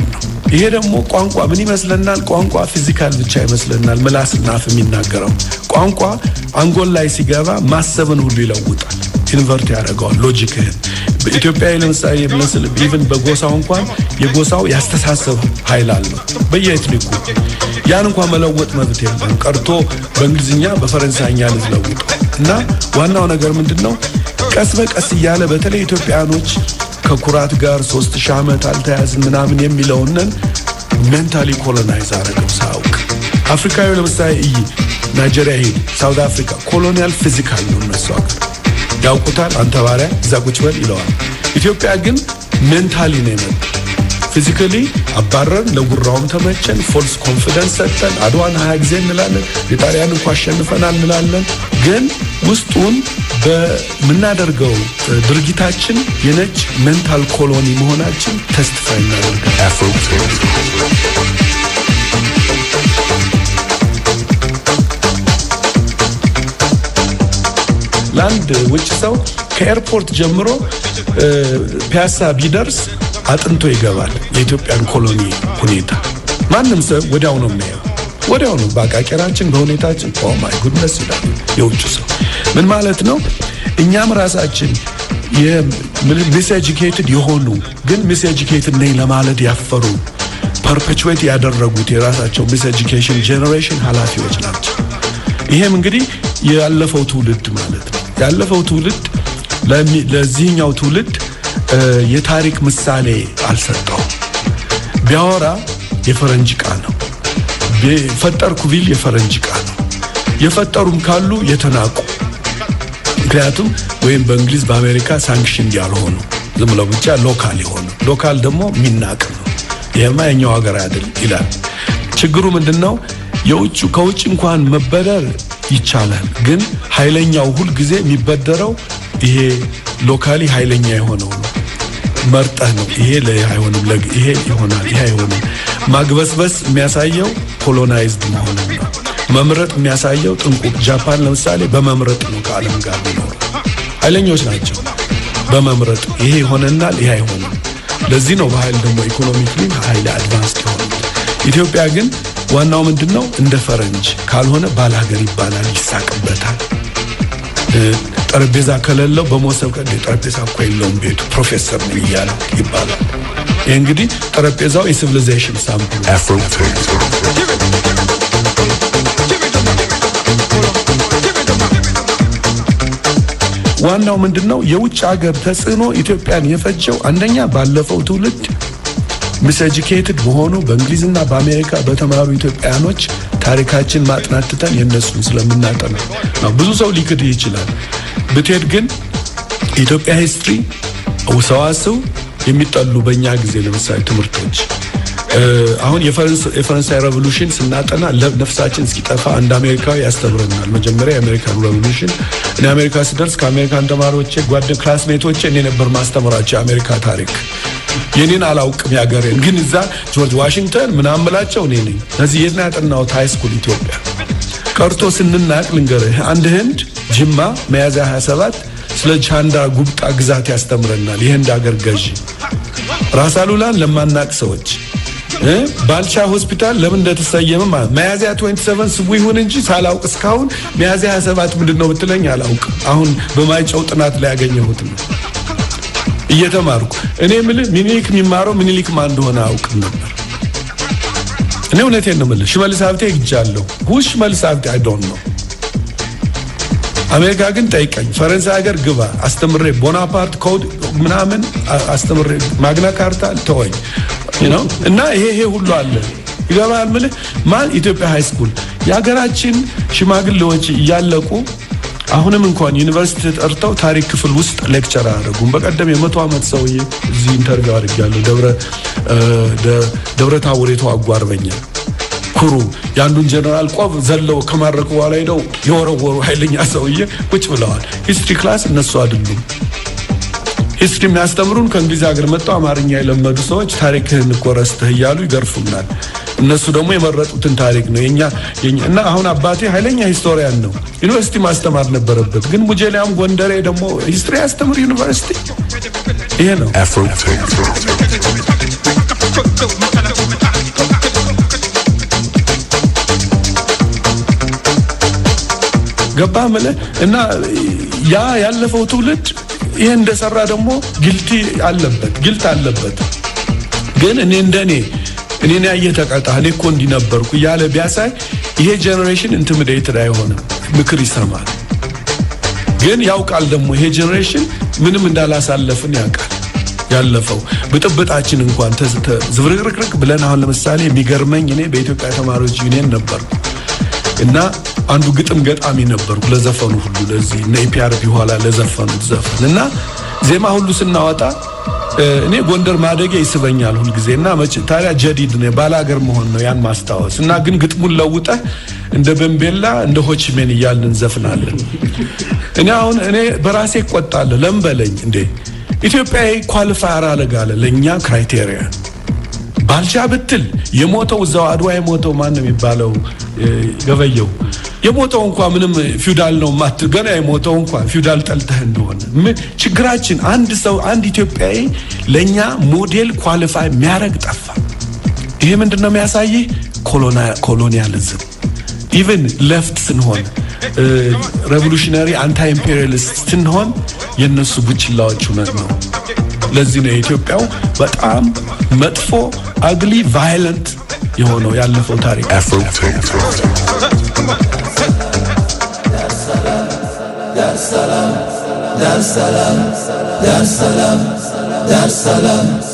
መፍጠር ነው። ይሄ ደግሞ ቋንቋ ምን ይመስለናል? ቋንቋ ፊዚካል ብቻ ይመስለናል፣ ምላስና አፍ የሚናገረው ቋንቋ አንጎል ላይ ሲገባ ማሰብን ሁሉ ይለውጣል፣ ኢንቨርት ያደርገዋል ሎጂክህን። በኢትዮጵያ ለምሳሌ የሚመስል ኢቭን በጎሳው እንኳን የጎሳው ያስተሳሰብ ኃይል አለ በየኤትኒኩ ያን እንኳ መለወጥ መብት የለም ቀርቶ በእንግሊዝኛ በፈረንሳይኛ ልትለውጡ እና ዋናው ነገር ምንድን ነው? ቀስ በቀስ እያለ በተለይ ኢትዮጵያኖች ከኩራት ጋር ሶስት ሺህ ዓመት አልተያዝን ምናምን የሚለውንን ሜንታሊ ኮሎናይዝ አረገው ሳያውቅ አፍሪካዊ ለምሳሌ እይ ናይጄሪያ ሄድ ሳውት አፍሪካ ኮሎኒያል ፊዚካል ነው እነሱ ሀገር ያውቁታል። አንተ ባሪያ እዛ ቁጭ በል ይለዋል። ኢትዮጵያ ግን ሜንታሊ ነው የመጣው። ፊዚካሊ አባረን፣ ለጉራውም ተመቸን፣ ፎልስ ኮንፊደንስ ሰጠን። አድዋን ሀያ ጊዜ እንላለን፣ የጣሊያን እኮ አሸንፈናል እንላለን። ግን ውስጡን በምናደርገው ድርጊታችን የነጭ ሜንታል ኮሎኒ መሆናችን ተስፋ እናደርጋል። ለአንድ ውጭ ሰው ከኤርፖርት ጀምሮ ፒያሳ ቢደርስ አጥንቶ ይገባል የኢትዮጵያን ኮሎኒ ሁኔታ። ማንም ሰው ወዲያው ነው የሚያየው፣ ወዲያው ነው በአቃቄራችን በሁኔታችን። ማይ ጉድነስ ይላል የውጭ ሰው። ምን ማለት ነው? እኛም ራሳችን ሚስ የሆኑ ግን ሚስ ነኝ ለማለት ያፈሩ ፐርፔቹዌት ያደረጉት የራሳቸው ሚስ ኤጁኬሽን ሀላፊዎች ናቸው። ይሄም እንግዲህ ያለፈው ትውልድ ማለት ነው። ያለፈው ትውልድ ለዚህኛው ትውልድ የታሪክ ምሳሌ አልሰጠውም። ቢያወራ የፈረንጅ ቃ ነው። ፈጠርኩ ቢል የፈረንጅ ቃ ነው። የፈጠሩም ካሉ የተናቁ ምክንያቱም ወይም በእንግሊዝ በአሜሪካ ሳንክሽን ያልሆኑ ዝም ብለው ብቻ ሎካል የሆኑ ሎካል ደግሞ የሚናቅ ነው። ይህማ የኛው ሀገር አይደል ይላል። ችግሩ ምንድን ነው? የውጭ ከውጭ እንኳን መበደር ይቻላል። ግን ኃይለኛው ሁልጊዜ የሚበደረው ይሄ ሎካሊ ኃይለኛ የሆነው ነው። መርጠህ ነው ይሄ አይሆንም፣ ይሄ ይሆናል፣ ይሄ አይሆንም። ማግበስበስ የሚያሳየው ኮሎናይዝድ መሆኑ ነው። መምረጥ የሚያሳየው ጥንቁ ጃፓን ለምሳሌ በመምረጥ ነው ከዓለም ጋር የሚኖሩ ኃይለኞች ናቸው። በመምረጥ ይሄ ይሆነናል፣ ይሄ አይሆንም። ለዚህ ነው በኃይል ደግሞ ኢኮኖሚክሊ ኃይል አድቫንስ ሊሆኑ። ኢትዮጵያ ግን ዋናው ምንድን ነው እንደ ፈረንጅ ካልሆነ ባለሀገር ይባላል፣ ይሳቅበታል ጠረጴዛ ከሌለው በመሶብ ቀ ጠረጴዛ እኮ የለውም ቤቱ ፕሮፌሰር ነው እያለ ይባላል። ይህ እንግዲህ ጠረጴዛው የሲቪሊዜሽን ሳምፕል ዋናው ምንድን ነው? የውጭ ሀገር ተጽዕኖ ኢትዮጵያን የፈጀው አንደኛ ባለፈው ትውልድ ሚስ ኤጁኬትድ መሆኑ በእንግሊዝና በአሜሪካ በተማሩ ኢትዮጵያኖች ታሪካችን ማጥናት ትተን የእነሱን ስለምናጠና ነው። ብዙ ሰው ሊክድ ይችላል። ብትሄድ ግን ኢትዮጵያ ሂስትሪ ሰዋስው የሚጠሉ በእኛ ጊዜ ለምሳሌ ትምህርቶች አሁን የፈረንሳይ ሬቮሉሽን ስናጠና ነፍሳችን እስኪጠፋ አንድ አሜሪካዊ ያስተምረናል። መጀመሪያ የአሜሪካን ሬቮሉሽን እኔ አሜሪካ ስደርስ ከአሜሪካን ተማሪዎቼ ጓደ ክላስሜቶቼ እኔ ነበር ማስተምራቸው የአሜሪካ ታሪክ የኔን አላውቅም ያገሬን ግን እዛ ጆርጅ ዋሽንግተን ምናምን ብላቸው እኔ ነኝ። እዚህ የት ነው ያጠናሁት? ሃይስኩል ኢትዮጵያ ቀርቶ ስንናቅ ልንገርህ፣ አንድ ህንድ ጅማ መያዝያ 27 ስለ ቻንዳ ጉብጣ ግዛት ያስተምረናል። የህንድ አገር ገዢ ራስ አሉላን ለማናቅ ሰዎች ባልቻ ሆስፒታል ለምን እንደተሰየመ መያዝያ 27 ስቡ ይሁን እንጂ ሳላውቅ እስካሁን መያዝያ 27 ምንድን ነው ብትለኝ አላውቅ አሁን በማይጨው ጥናት ላይ ያገኘሁት ነው። እየተማርኩ እኔ የምልህ ሚኒሊክ የሚማረው ሚኒሊክ ማን እንደሆነ አውቅም ነበር። እኔ እውነቴን ነው የምልህ። ሽመልስ ሀብቴ ሄጃለሁ። ውይ ሽመልስ ሀብቴ አይ ዶንት ኖ። አሜሪካ ግን ጠይቀኝ፣ ፈረንሳይ ሀገር ግባ አስተምሬ፣ ቦናፓርት ኮድ ምናምን አስተምሬ፣ ማግና ካርታ ተወኝ እና ይሄ ይሄ ሁሉ አለ ይገባል። የምልህ ማን ኢትዮጵያ ሃይስኩል የሀገራችን ሽማግሌዎች እያለቁ አሁንም እንኳን ዩኒቨርሲቲ ተጠርተው ታሪክ ክፍል ውስጥ ሌክቸር አያደርጉም። በቀደም የመቶ ዓመት ሰውዬ እዚህ ኢንተርቪው አድርጌያለሁ። ደብረ ታቦሬቱ አጓርበኛ ኩሩ የአንዱን ጀነራል ቆብ ዘለው ከማረኩ በኋላ ሄደው የወረወሩ ኃይለኛ ሰውዬ ቁጭ ብለዋል። ሂስትሪ ክላስ እነሱ አይደሉም። ሂስትሪ የሚያስተምሩን ከእንግሊዝ ሀገር መጥተው አማርኛ የለመዱ ሰዎች ታሪክህን እኮ ረስተህ እያሉ ይገርፉናል። እነሱ ደግሞ የመረጡትን ታሪክ ነው የኛ እና አሁን አባቴ ኃይለኛ ሂስቶሪያን ነው። ዩኒቨርሲቲ ማስተማር ነበረበት፣ ግን ሙጀሊያም ጎንደሬ ደግሞ ሂስትሪ ያስተምር ዩኒቨርሲቲ። ይሄ ነው ገባ ምለ እና ያ ያለፈው ትውልድ ይሄ እንደሰራ ደግሞ ግልቲ አለበት ግልት አለበት ግን እኔ እንደኔ እኔ ያየህ እየተቀጣ እኔ እኮ እንዲነበርኩ ነበርኩ እያለ ቢያሳይ ይሄ ጀኔሬሽን ኢንቲሚዴትድ አይሆንም፣ ምክር ይሰማል። ግን ያውቃል ደግሞ ይሄ ጀኔሬሽን ምንም እንዳላሳለፍን ያውቃል። ያለፈው ብጥብጣችን እንኳን ዝብርቅርቅርቅ ብለን አሁን ለምሳሌ የሚገርመኝ እኔ በኢትዮጵያ ተማሪዎች ዩኒየን ነበርኩ እና አንዱ ግጥም ገጣሚ ነበርኩ ለዘፈኑ ሁሉ ለዚህ ኢፒአርፒ ኋላ ለዘፈኑት ዘፈን እና ዜማ ሁሉ ስናወጣ እኔ ጎንደር ማደጌ ይስበኛል ሁልጊዜ እና ታዲያ ጀዲድ ነው ባላገር መሆን ነው ያን ማስታወስ እና ግን ግጥሙን ለውጠ እንደ በምቤላ እንደ ሆችሜን እያልን እንዘፍናለን። እኔ አሁን እኔ በራሴ እቆጣለሁ። ለምን በለኝ እንዴ ኢትዮጵያዊ ኳሊፋየር አለጋለ ለእኛ ክራይቴሪያ ባልቻ ብትል የሞተው እዛው አድዋ የሞተው ማን ነው የሚባለው? ገበየው የሞተው እንኳ ምንም ፊውዳል ነው ማት ገና የሞተው እንኳ ፊውዳል ጠልተህ እንደሆነ ችግራችን፣ አንድ ሰው አንድ ኢትዮጵያዊ ለእኛ ሞዴል ኳሊፋይ የሚያደርግ ጠፋ። ይሄ ምንድን ነው የሚያሳይህ? ኮሎኒያሊዝም ኢቨን ለፍት ስንሆን ሬቮሉሽነሪ አንታይ ኢምፔሪያሊስት ስንሆን የእነሱ ቡችላዎች እውነት ነው። ለዚህ ነው የኢትዮጵያው በጣም መጥፎ አግሊ ቫይለንት የሆነው ያለፈው ታሪክ። ዳርሰላም ዳርሰላም ዳርሰላም